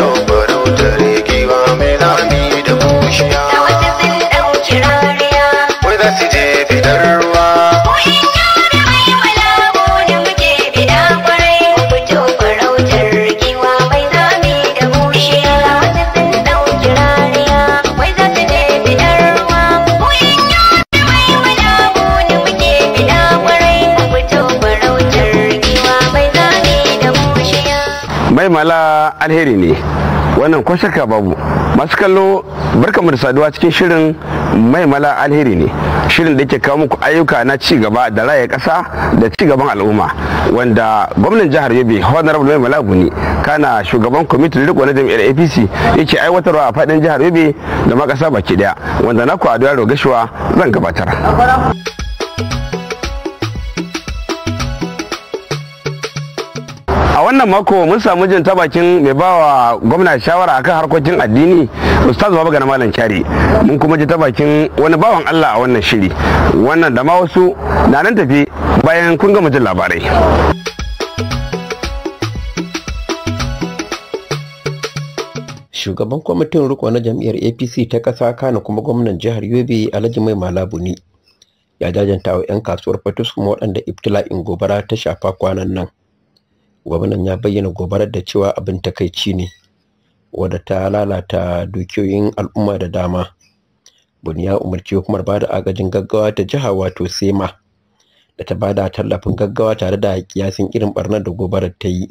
October. alheri ne wannan ko shakka babu masu kallo barkamu da saduwa cikin shirin maimala alheri ne shirin da ke kawo muku ayyuka na ci gaba da raya kasa da ci gaban al'umma wanda gwamnan jihar yobe honorable maimala guni kana shugaban kwamitin riko na jam'iyyar apc yake aiwatarwa a faɗin jihar yobe da makasa baki ɗaya wanda na ku a gashuwa zan gabatar. wannan mako mun samu jin ta bakin mai bawa gwamna shawara akan harkokin addini ustaz baba gana malam kyari mun kuma ji ta bakin wani bawan allah a wannan shiri wannan da ma wasu na nan tafi bayan kun gama jin labarai shugaban kwamitin riko na jam'iyyar apc ta ƙasa kano kuma gwamnan jihar yobe alhaji mai malabu ne ya jajanta wa 'yan kasuwar fatus kuma waɗanda ibtila'in gobara ta shafa kwanan nan gwamnan ya bayyana gobarar da cewa abin takaici ne wadda ta lalata dukiyoyin al'umma da dama buni ya umarci hukumar ba da agajin gaggawa ta jiha wato sema da ta ba da tallafin gaggawa tare da kiyasin irin barnar da gobarar ta yi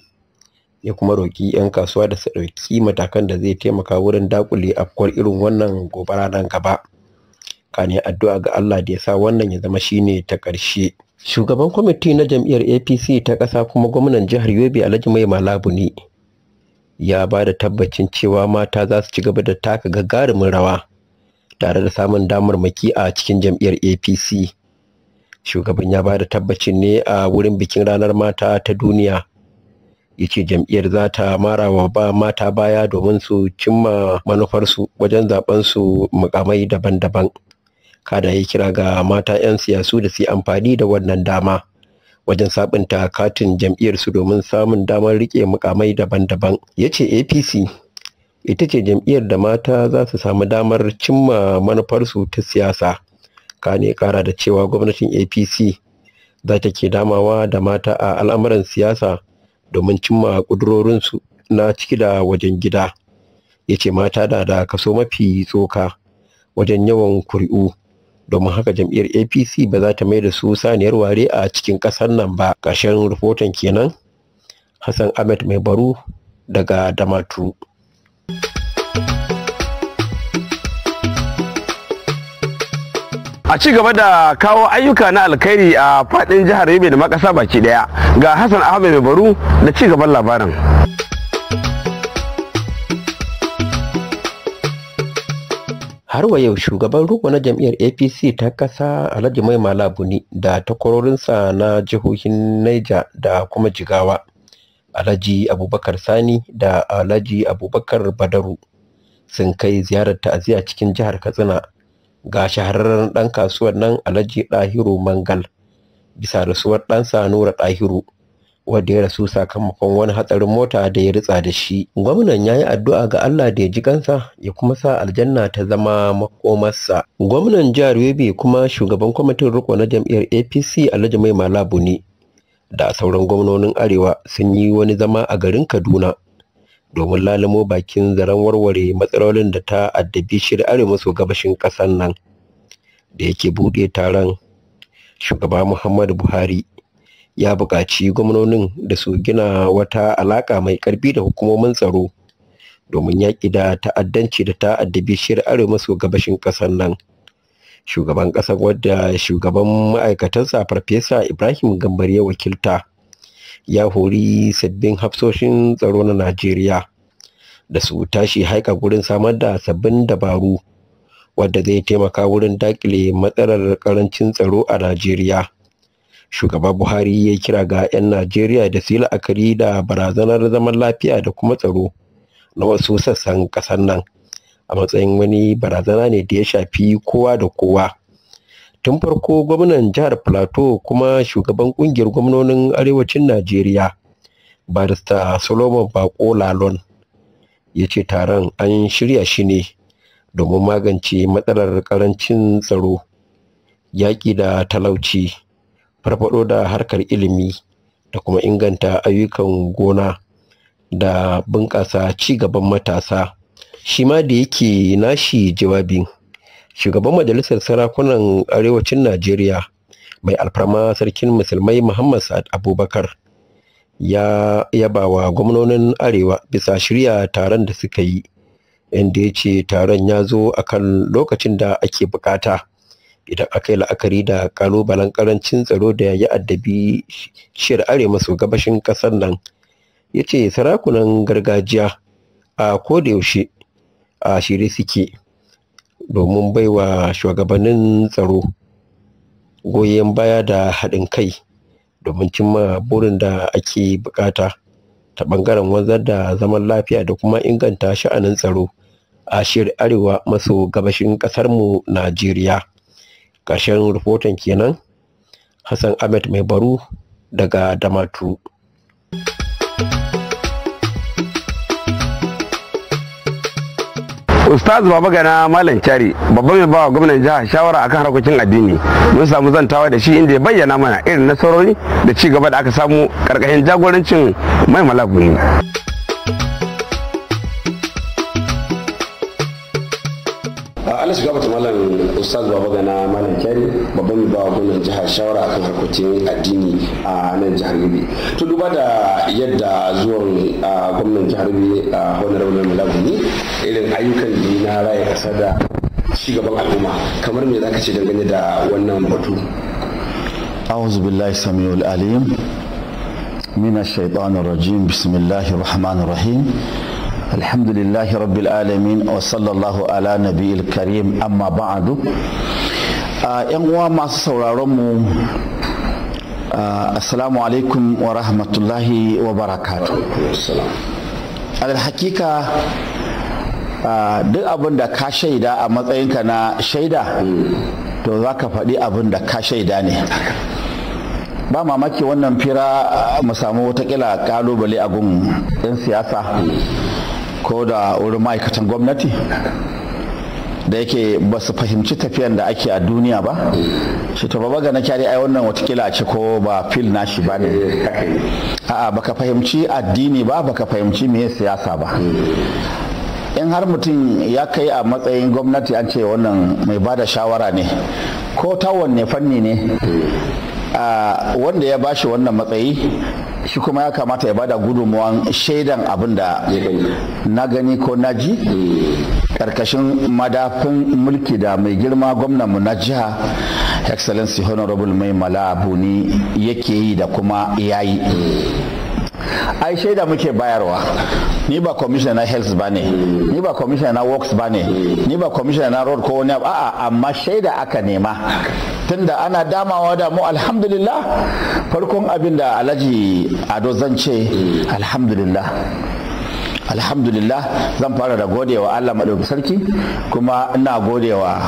ya kuma roƙi 'yan kasuwa da su ɗauki matakan da zai taimaka wurin dakule afkuwar irin wannan gobara nan gaba kane addu'a ga Allah da ya sa wannan ya zama shine ta ƙarshe shugaban kwamiti na jam'iyyar apc ta ƙasa kuma gwamnan jihar yobe alhaji mai malabu ne ya ba da tabbacin cewa mata za su ci gaba da taka gagarumin rawa tare da samun damarmaki a cikin jam'iyyar apc shugaban ya ba da tabbacin ne a wurin bikin ranar mata ta duniya ya ce jam'iyyar za ta mara wa ba mata baya domin su cimma manufarsu wajen zaben su mukamai daban-daban kada ya kira ga mata 'yan siyasu da su amfani da wannan dama wajen sabunta katin jam'iyyarsu domin samun damar rike mukamai daban-daban ya ce apc ita ce jam'iyyar da mata za su samu damar cimma manufarsu ta siyasa Ka ne kara da cewa gwamnatin apc za ta ke damawa da mata a al'amuran siyasa domin cimma ƙudurorinsu na ciki da wajen gida ya ce mata da da kaso mafi tsoka wajen yawan kuri'u domin haka jam'iyyar apc ba za ta mai da su saniyar ware a cikin ƙasar nan ba ƙarshen rahoton kenan hassan ahmed mai baro daga Damatu. a ci gaba da kawo ayyuka na alkhairi a fadin jihar yobe da makasa baki daya ga hassan ahmed mai baro da ci gaban labarin har wa yau shugaban Rugo na jam'iyyar apc ta kasa alhaji mai malabuni da takwarorinsa na jihohin niger da kuma jigawa alhaji abubakar sani da alhaji abubakar badaru sun kai ziyarar ta'aziyya cikin jihar katsina ga shahararren ɗan kasuwar nan alhaji ɗahiru mangal bisa rasuwar ɗansa nura ɗahiru wanda ya rasu sakamakon wani hatsarin mota da ya ritsa da shi gwamnan ya yi addu'a ga Allah da ya ji kansa ya kuma sa aljanna ta zama makomarsa gwamnan jihar Yobe kuma shugaban kwamitin riko na jam'iyyar APC Alhaji Mai Malabu ne da sauran gwamnonin Arewa sun yi wani zama a garin Kaduna domin lalamo bakin zaren warware matsalolin da ta addabi shirin arewa maso gabashin ƙasar nan da yake buɗe taron shugaba Muhammadu Buhari ya buƙaci gwamnonin da su gina wata alaƙa mai ƙarfi da hukumomin tsaro domin yaƙi da ta'addanci da ta'addabi shirin arewa masu gabashin ƙasar nan shugaban ƙasar wadda shugaban ma'aikatansa farfesa ibrahim gambar ya wakilta ya hori sabbin hafsoshin tsaro na najeriya da su tashi haika gurin samar da sabbin dabaru wadda zai taimaka wurin daƙile matsalar ƙarancin tsaro a najeriya shugaba buhari ya kira ga 'yan najeriya da su yi la'akari da barazanar zaman lafiya da kuma tsaro na wasu sassan ƙasar nan a matsayin wani barazana ne da ya shafi kowa da kowa tun farko gwamnan jihar plateau kuma shugaban kungiyar gwamnonin arewacin najeriya barista solomon bako lalon ya ce taron an shirya shi ne domin magance matsalar karancin tsaro yaƙi da talauci farfaɗo da harkar ilimi da kuma inganta ayyukan gona da bunƙasa ci gaban matasa shi ma da yake nashi jawabi shugaban majalisar sarakunan arewacin najeriya mai alfarma sarkin musulmai muhammad sa'ad abubakar ya yaba wa gwamnonin arewa bisa shirya taron da suka yi inda ya ce taron ya zo akan lokacin da ake bukata idan aka yi la'akari da kalubalen karancin tsaro da ya addabi shiyar arewa maso gabashin kasar nan ya ce sarakunan gargajiya a kodayaushe a shirye suke domin baiwa shugabannin tsaro goyon baya da haɗin kai domin cimma burin da ake bukata ta ɓangaren wanzar da zaman lafiya da kuma inganta sha'anin tsaro a shirye arewa maso gabashin ƙasarmu najeriya ƙarshen rahoton kenan hassan ahmed mai baru daga Damatu. Ustaz Baba Gana Malam Kyari babba mai bawa gwamnan jihar shawara akan harkokin addini mun samu zantawa da shi inda ya bayyana mana irin nasarori da ci gaba da aka samu karkashin jagorancin mai malabuni. ana shiga bata malam Ustaz Baba Gana Malam Kyari babban ba gwamnan jihar shawara akan harkokin addini a nan jihar Yobe. To duba da yadda zuwan gwamnan jihar Yobe a raunin malamuni irin ayyukan yi na raya kasa da cigaban al'umma kamar me zaka ce dangane da wannan batu? أعوذ بالله السميع العليم من الشيطان Alhamdulillahi لله Alamin wa sallallahu الله على نبي yan uwa masu sauraron mu ah, assalamu alaikum wa rahmatullahi wa barakatu alhakika ah, duk abin da ka shaida a matsayinka na shaida to za ka faɗi abin da ka shaida ne ba mamaki wannan fira mu samu watakila kalubale a gun 'yan siyasa ko da wurin ma'aikatan gwamnati da yake ba su fahimci tafiyan da ake a duniya ba shi to baba na kyari ai wannan watakila a ce ko ba fil nashi ba ne a'a baka fahimci addini ba baka fahimci meye siyasa ba in har mutum ya kai a matsayin gwamnati an ce wannan mai bada shawara ne ko ta wanne fanni ne wanda ya bashi wannan matsayi shi kuma ya kamata ya bada gudunmuwan shaidan abin da na gani ko na ji ƙarƙashin madafin mulki da mai girma gwamnanmu na jiha excellency honorable mai ne yake yi da kuma yayi ai shaida muke bayarwa ni ba commissioner na health ba ne ni ba commissioner na works ba ne ni ba commissioner na road ko wani abu a'a amma shaida aka nema tunda ana damawa da mu alhamdulillah farkon abin da alhaji ado zan ce alhamdulillah alhamdulillah zan fara da godewa allah maɗauki sarki kuma ina godewa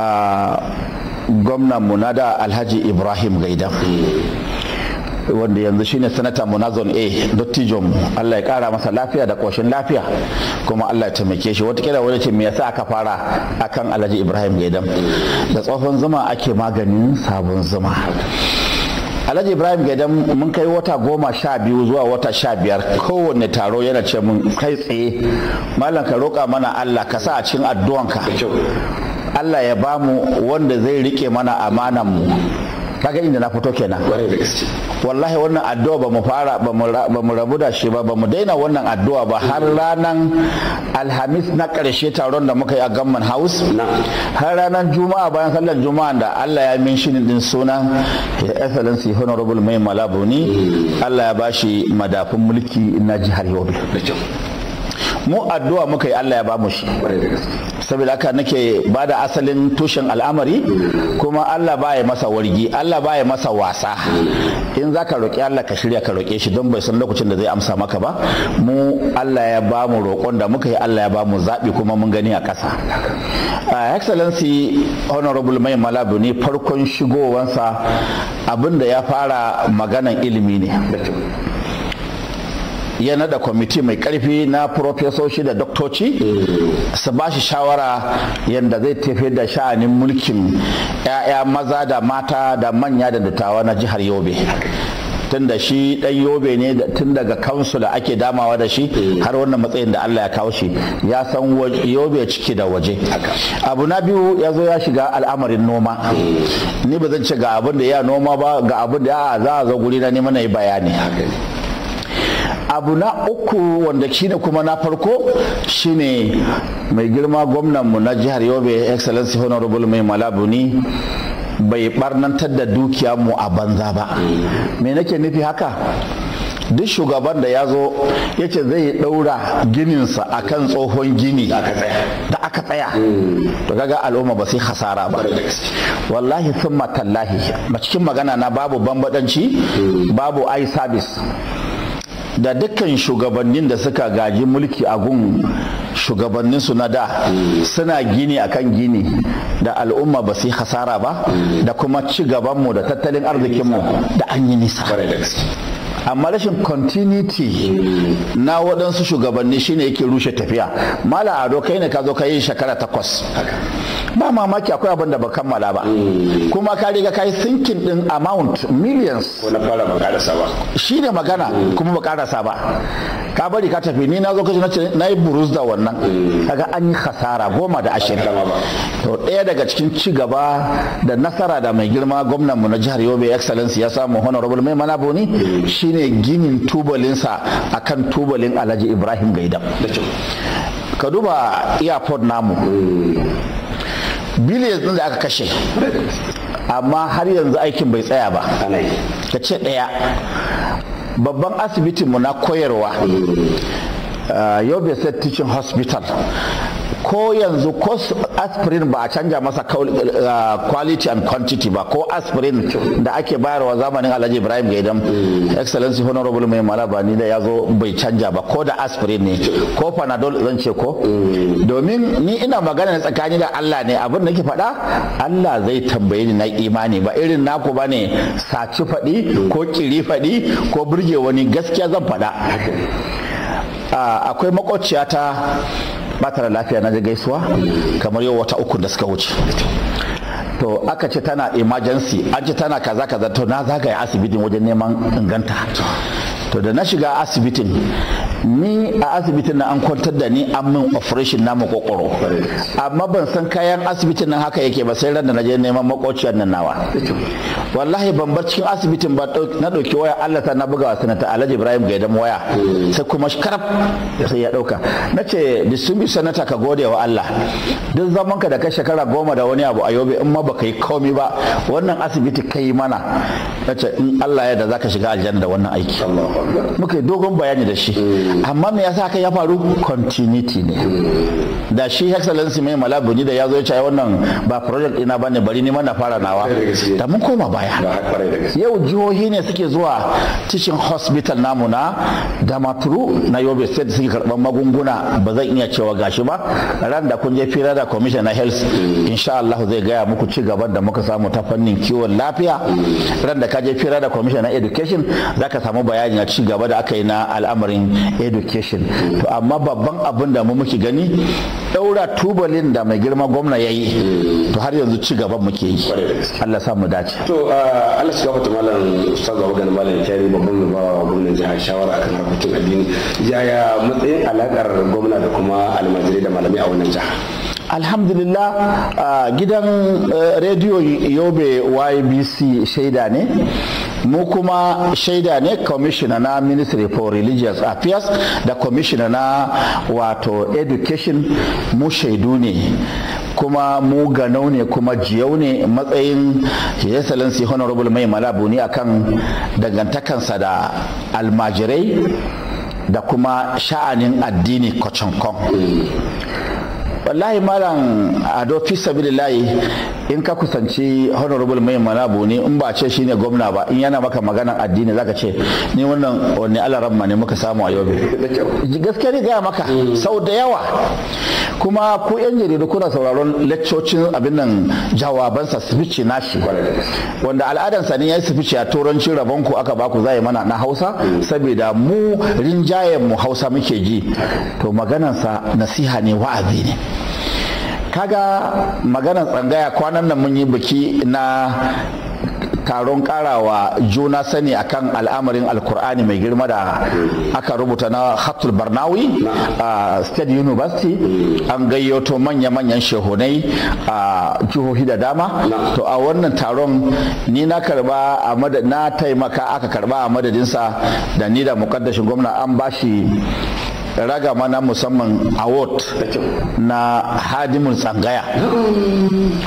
ah, gwamnan mu na da alhaji ibrahim gaidan wanda yanzu shine sanata munazon a dottijon allah ya kara masa lafiya da koshin lafiya kuma allah ya taimake shi kira wani ce me yasa aka fara akan alhaji ibrahim gaidam da tsohon zuma ake maganin sabon zuma alhaji ibrahim gaidan mun kai wata goma sha biyu zuwa wata sha biyar kowanne taro yana ce mun kai tsaye malam ka roƙa mana allah ka sa a cikin addu'anka allah ya bamu wanda zai rike mana amanan mu kaga inda na fito kenan wallahi wannan addu'a ba mu fara ba mu rabu da shi ba ba mu daina wannan addu'a ba har ranan alhamis na karshe taron da muka yi a gamman house har ranar juma'a bayan sallar juma'a da Allah ya min shi din suna ya excellency honorable mai malabuni mm. Allah ya bashi madafin mulki na jihar Yobe mu addu'a muka yi Allah ya ba mu shi saboda haka nake ba da asalin tushen al'amari kuma Allah ba ya masa wargi Allah ba masa wasa in za ka roƙi Allah ka shirya ka roƙe shi don bai san lokacin da zai amsa maka ba mu Allah ya ba mu roƙon da muka yi Allah ya ba mu zaɓi kuma mun gani a ƙasa excellency honorable mai malabu farkon shigowansa abin da ya fara maganan ilimi ne ya nada kwamiti mai karfi na profesoshi da doktoci su ba shi shawara yadda zai tafi da sha'anin mulkin 'ya'ya maza da mata da manya da dattawa na jihar yobe tun da shi dan yobe ne tun daga kansula ake damawa da shi har wannan matsayin da Allah ya kawo shi ya san yobe ciki da waje abu na biyu ya zo ya shiga al'amarin noma ni ba zan ce ga abin da ya noma ba ga abin da ya za a zo guri na neman na yi bayani abu na uku wanda shine kuma na farko shine mai girma gwamnanmu na jihar yobe excellency honorable mai malabuni bai barnantar da dukiya mu a banza ba me nake nufi haka duk shugaban da ya zo ya ce zai daura gininsa a kan tsohon gini da aka tsaya mm. to kaga al'umma ba sai hasara ba wallahi sun matallahi cikin magana na babu bambadanci mm. babu ai sabis da dukkan shugabannin da suka gaji mulki a gun shugabannin su na da suna gini akan gini da al'umma ba su hasara ba da kuma ci gabanmu da tattalin arzikinmu da an yi nisa amma rashin continuity na waɗansu shugabanni shine yake rushe tafiya mala ado kai ne ka zo ka yi shekara takwas ba mamaki akwai abin da ba kammala ba kuma ka riga ka yi sinkin din amount millions ko shi ne magana kuma ba karasa ba ka bari ka tafi ni na zo kashi na yi buruz da wannan mm. kaga an yi hasara goma da ashirin to ɗaya daga cikin ci gaba da nasara da mai girma gwamnan mu na jihar yobe excellence ya samu honorable mai boni mm. shi shine ginin tubalinsa a kan tubalin alhaji ibrahim gaidam ka duba airport namu biliyan ɗin da aka kashe amma har yanzu aikin bai tsaya ba ka ce ɗaya babban asibitinmu na koyarwa uh, yobe set teaching hospital ko yanzu ko aspirin ba a canja masa eh, quality and quantity ba ko aspirin da ake bayarwa zamanin alhaji ibrahim gaidan mm. excellency honorable mai ni da ya zo bai canja ba ko da aspirin ne ko panadol zan ce ko mm. domin ni ina magana na tsakani da allah ne abin da ke faɗa allah zai tambaye ni na imani ba irin naku ba ne saci faɗi ko kiri faɗi ko burge wani gaskiya zan faɗa ah, akwai ta ba ta da lafiya na gaisuwa kamar yau wata uku da suka wuce to aka ce tana emergency an ce tana kaza kaza to na zagaya asibitin wajen neman inganta to da na shiga asibitin ni a asibitin na an kwantar da ni an min operation na makokoro amma ban san kayan asibitin nan haka yake ba sai ran da na je neman makociya nan nawa wallahi ban bar cikin asibitin ba na dauki waya Allah ta na buga wasu ta Alhaji Ibrahim Gaidam waya sai kuma sharaf sai ya dauka nace bi sanata ka gode wa Allah duk zaman ka da ka shekara goma da wani abu a yobe in ma baka yi komai ba wannan asibiti kai mana nace in Allah ya da zaka shiga aljanna da wannan aiki muka dogon bayani da shi mm. amma me yasa haka ya faru continuity ne mm. da shi excellency mai mala buni da ya zo ya ce wannan ba project ina bane bari ni mana fara nawa da mun koma baya yau jihohi ne suke zuwa teaching hospital namu na damaturu na yobe state suke karban magunguna ba zan iya cewa gashi ba ran da kun je fira da commission na health mm. insha Allah zai gaya muku ci gaban da muka samu ta fannin kiwon lafiya mm. ran da ka je fira da commission na education zaka samu bayani na ci gaba da aka yi na al'amarin education mm. to amma babban abin da mu muke gani daura tubalin da mai girma gwamna ya yi to har yanzu ci gaban muke yi Allah sa mu dace to ah, Allah shiga ta malam ustaz Abubakar malam yi babban ba gwamnan jihar shawara akan harkokin addini yaya matsayin alakar gwamna da kuma almajirai da malami a wannan jihar alhamdulillah ah, gidan eh, rediyo yobe ybc shaida ne mu kuma shaida ne commissioner na ministry for religious affairs da commissioner na wato education mu shaidu ne kuma mu ganau ne kuma jiyau ne matsayin his excellency honorable mai malabu ne akan dangantakansa da almajirai da kuma sha'anin addini kwacankon wallahi malam ado fi sabilillahi in ka kusanci honorable mai manabu ne in ba ce shi ne gwamna ba in yana maka maganan addini zaka ce ni wannan wani alaramma ne muka samu a yobe gaskiya ne gaya maka sau da yawa kuma ku yan jaridu kuna sauraron leccocin abin nan jawabansa speech nashi wanda al'adansa ne ya yi speech a turanci rabon ku aka baku zai mana na hausa saboda mu rinjayen mu hausa muke ji to maganansa nasiha ne wa'azi ne kaga magana tsangaya kwanan nan mun yi biki na taron karawa juna sani akan al'amarin alkur'ani mai girma da aka rubuta na hatul barnawi a state university an gayyato manya-manyan shehunai a jihohi da dama to a wannan taron ni na karba a na taimaka aka karba a madadinsa da ni da mukaddashin gwamna an bashi raga mana musamman award na hadimin tsangaya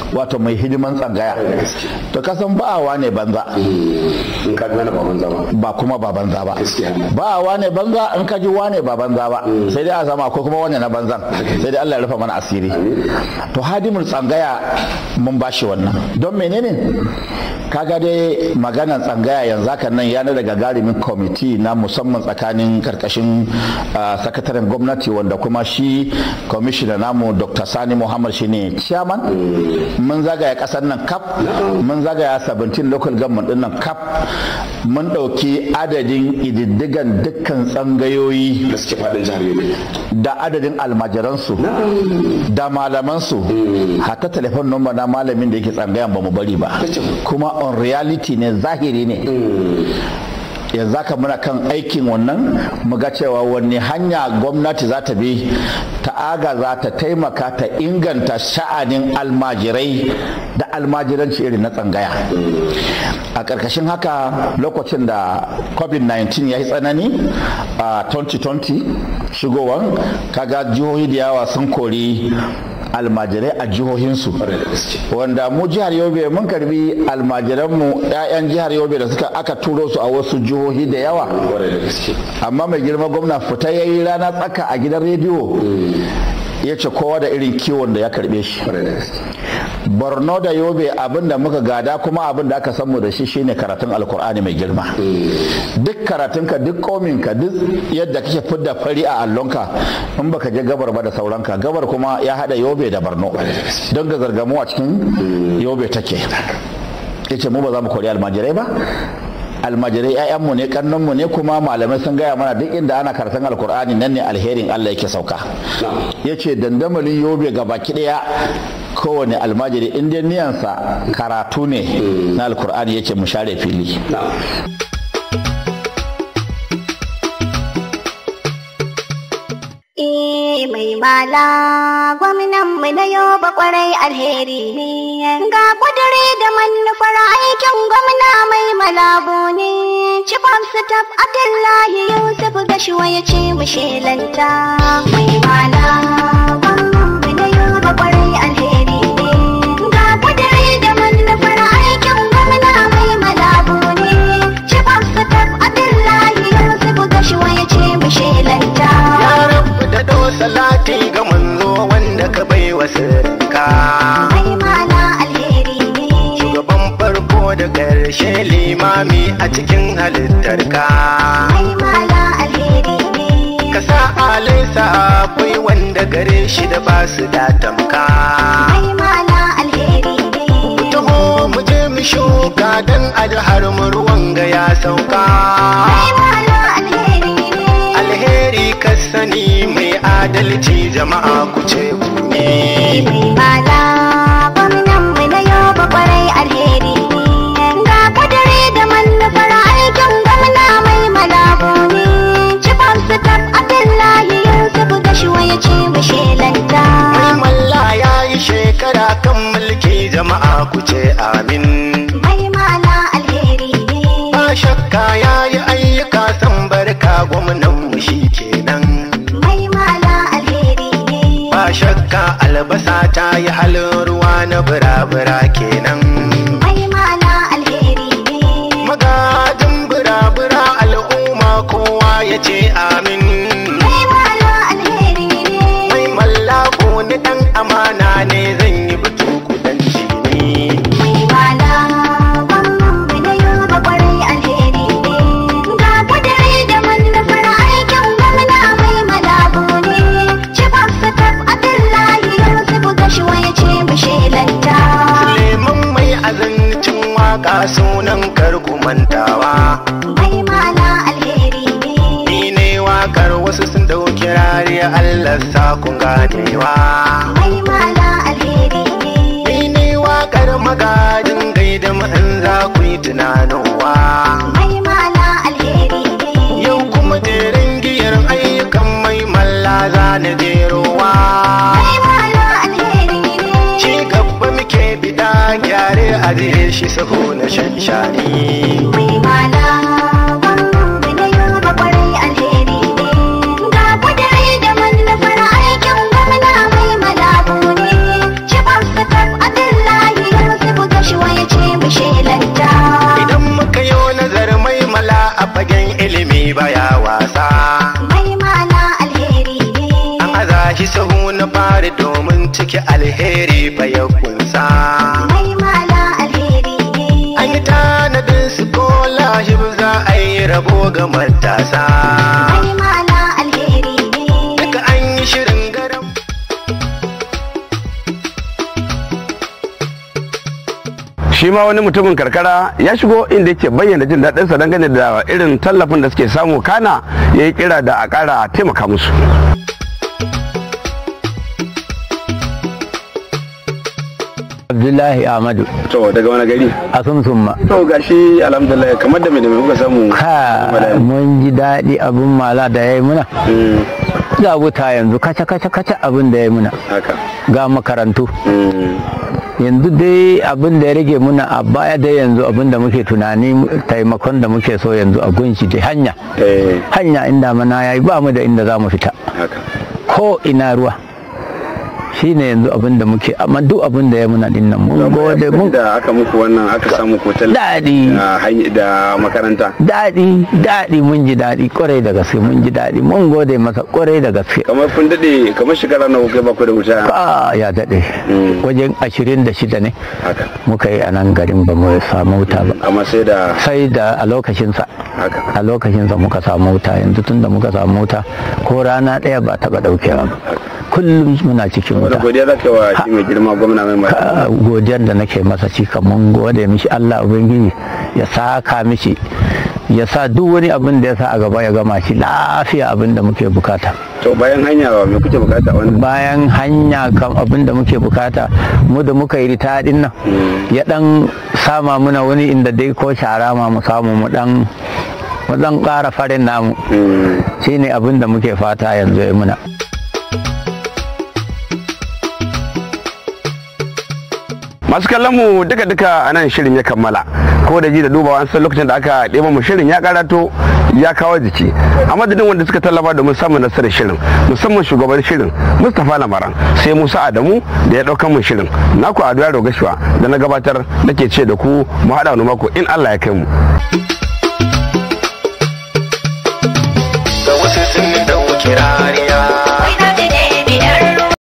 wato mai hidiman tsangaya to kasan ba'awa ne banza ba kuma ba banza ba ba'awa ne banza in ka ji wane ba banza ba sai dai a zama ko kuma wane na banzan sai dai Allah ya rufa mana asiri to hadimin tsangaya mun bashi wannan don menene kaga dai maganar tsangaya yanzu haka nan yana daga garimin kwamiti na musamman tsakanin karkashin sakataren gwamnati wanda kuma shi kwamishina namu dr sani muhammad shine chairman mun zagaya kasar nan kap. mun zagaya 17 local government din nan kap. mun dauki adadin ididdigan dukkan tsangayoyi da adadin almajiransu da malamansu hatta telefon nomba na malamin da yake tsangayan ba mu bari ba kuma on reality ne zahiri ne yanzu haka muna kan aikin wannan muga cewa wani hanya gwamnati za ta bi ta za ta taimaka ta inganta sha'anin almajirai da almajiranci irin na tsangaya a ƙarƙashin haka lokacin da covid-19 ya yi tsanani a 2020 shigowan kaga jihohi da yawa sun kori almajirai a jihohinsu wanda mu jihar yobe mun karbi mu 'ya'yan jihar yobe da suka aka turo su a wasu jihohi da yawa amma mai girma gwamna fita ya yi rana tsaka a gidan rediyo mm. ya ce kowa da irin kiwon da ya karbe shi borno da yobe abin da muka gada kuma abin da aka mu da shi shine karatun alkur'ani mai girma eh. duk karatunka duk kominka duk yadda kake fidda fari a allonka in baka je gabar ba da sauranka gabar kuma ya hada yobe da borno don ga zargamu a cikin eh. yobe take yace mu ba za mu kori almajirai ba almajirai 'ya'yanmu ne kannanmu ne kuma malamai sun gaya mana duk inda ana karatun alkur'ani nan ne alherin allah yake sauka yace dandamalin yobe gaba ki daya kowane almajiri inda niyansa karatu ne na alkur'ani yake mu share fili e, mai mala gwamnan mu na yau ba kwarai alheri ne ga kudure da manufar aikin gwamna mai malabo ne tallahi yau abdullahi yusuf shi ya ce mu shelanta mai mala da gare shi da ba su da tamka taho mu je mu shuka dan alhar mu ruwan ga ya sauka alheri ne. ka sani mai adalci jama'a ku ce ku ne ku ce amin mai mala alheri ne ba shakka ya yi ayyuka san barka gwamnan mu shi kenan mai mala alheri ne ba shakka albasa ta yi halin ruwa na burabura kenan mai mala alheri ne magadin burabura al'umma kowa ya ce amin Ka sunan kar mantawa. bai mala alheri ne ni ne wakar wasu sun dauki rari Allah sa ku ganewa bai mala alheri ne ni ne wakar magadin gaida in za ku yi tunanowa bai mala alheri ne yau kuma jerin giyar ayyukan mai malla za na jerowa bai yare a je shi saho na shan shani. Mai mala, mu da yau alheri ne, ga kudiri da manufar aikin gwamna mai malabu ne, shi ba su kan adin lahiyar su buga shi waye ce mu Idan muka yi nazar mai a fagen ilimi baya wasa. Mai alheri ne. An aza shi saho na fari domin ciki alheri fa ya yabo ga matasa alheri ne shi ma wani mutumin karkara ya shigo inda yake bayyana jin daɗinsa dangane da irin tallafin da suke samu kana ya yi kira da a ƙara taimaka musu Abdullahi Ahmadu. To daga wani gari? A ma. To gashi alhamdulillah kamar da mai da kuka samu. Ha mun ji daɗi abun mala da ya yi muna. Mm. Ga wuta yanzu kaca kaca kaca abin da ya yi muna. Haka. Ga makarantu. Mm. yanzu dai abin da ya rage muna a baya dai yanzu abin da muke tunani taimakon da muke so yanzu a gunshi dai hanya eh. hanya inda mana yi ba mu da inda za mu fita ko ina ruwa shine yanzu abin da muke amma duk abin da ya muna din nan mun gode mun da aka muku wannan aka samu hotel dadi da makaranta dadi dadi mun ji dadi kwarai da gaske mun ji dadi mun gode maka kwarai da gaske kamar kun dade kamar shekara nawa kai ba ku da wuta a ya dade hmm. wajen 26 ne haka muka yi a nan garin ba mu samu wuta ba hmm. amma sai da sai da a lokacin sa a lokacin sa muka samu wuta yanzu tunda muka samu wuta ko rana daya ba taba dauke ba kullum muna cikin wuta godiya za ka wa shi mai girma gwamna mai mai godiyar da nake masa shi kamar gode mishi Allah ubangiji ya saka mishi ya sa duk wani abin da ya sa a gaba ya gama shi lafiya abin da muke bukata to bayan hanya ba me kuke bukata wannan bayan hanya kam abin da muke bukata mu da muka yi rita din nan hmm. ya dan sama muna wani inda dai ko shara ma mu samu mu dan mu dan kara farin namu hmm. shine abin da muke fata yanzu ya muna masu kallon mu duka duka a nan shirin ya kammala ko da ji da dubawa an san lokacin da aka ɗeba mu shirin ya karato ya kawo jiki a madadin wanda suka tallafa domin samun nasarar shirin musamman shugaban shirin mustapha lamaran sai musa adamu da ya ɗaukan mu shirin naku a yaro gashuwa da na gabatar nake ce da ku mu haɗa wani mako in allah ya kai mu.